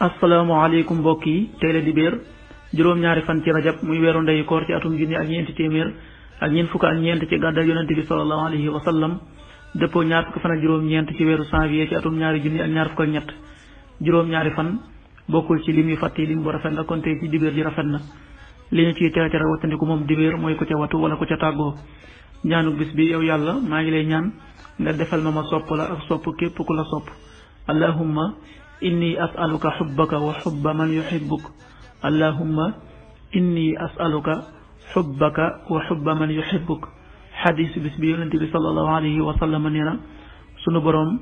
asalaamaaleykum mbokk yi tey la dibéer juróom-ñaari fan ci rajab muy weeru ndeyu koor ci atum junni ak ñeenti téeméer ak ñeent fukk ak ñeent ci gàddaay yonent bi sallallahu alayhi wa sallam dëppoo ñaar fukki fan juróom-ñeent ci weeru janvier ci atum ñaari junni ak ñaar fukk ñett juróom-ñaari fan bokkul ci lim yu fàtte lim bu rafet la kon tey ci dibéer ji rafet na li ñu ciy tere tere wattandiku moom dibéer mooy ku ca watu wala ku ca tàggoo ñaanuk bis bi yow yàlla maa ngi lay ñaan nga defal ma ma sopp la ak sopp képp ku la sopp inni as'aluka xubbaka wa xubba man yuxibbuk allahumma inni as'aluka xubbaka wa xubba man yuxibbuk xadis bis bi yonente bi sallallahu alayhi wa nee na sunu boroom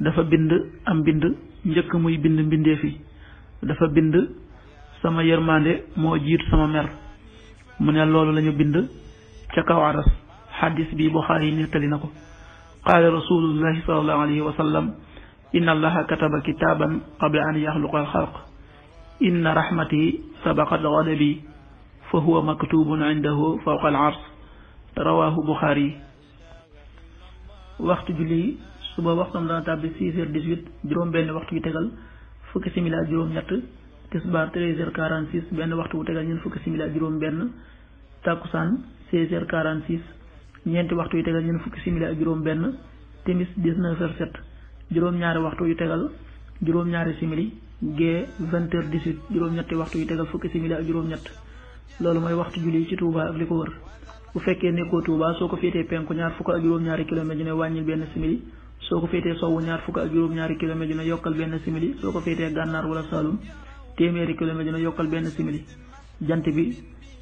dafa bind am bind njëkk muy bind mbindee fi dafa bind sama yërmande moo jiitu sama mer mu ne loolu lañu bind ca kaw aras xadis bi Buxaari nettali na ko qaala rasulullahi sallallahu alayhi wa inna allaha kataba kitaaban qabla an yaxluqa alxalq inna rahmati sabaqat ghadabi fa huwa maktubun indahu fawqa al ars rawaahu buxaari waxtu julli suba waxtam dana tàbbi six heures dix huit juróom benn waxtu yu tegal fukki simila juróom ñett tisbaar heures quarante six benn waxtu bu tegal ñeent fukki simila juróom benn tàkkusaan seize heures quarante six ñeenti waxtu yu tegal ñeent fukki simila ak juróom benn timis dix neuf heures sept juróom-ñaari waxtu yu tegal juróom-ñaari simili gee vingt heures dix-huit juróom-ñetti waxtu yu tegal fukki simili ak juróom-ñett loolu mooy waxtu julli ci Touba ak li ko wër bu fekkee nekkoo Touba soo ko féetee penku ñaar fukk ak juróom-ñaari kilomètres yu ne wàññil benn simili soo ko féetee sowwu ñaar fukk ak juróom-ñaari kilomètres yu yokkal benn simili soo ko féetee gànnaar wala Saloum téeméeri kilomètres yu ne yokkal benn simili jant bi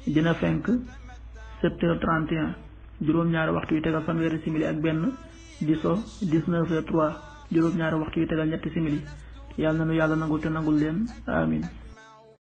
dina fenk sept heures trente et juróom-ñaari waxtu yu tegal fanweeri simili ak benn di so dix-neuf heures trois juróom-ñaari waxtu yu tegal ñetti simili yàlla na nu yàlla nangul te nangul leen amin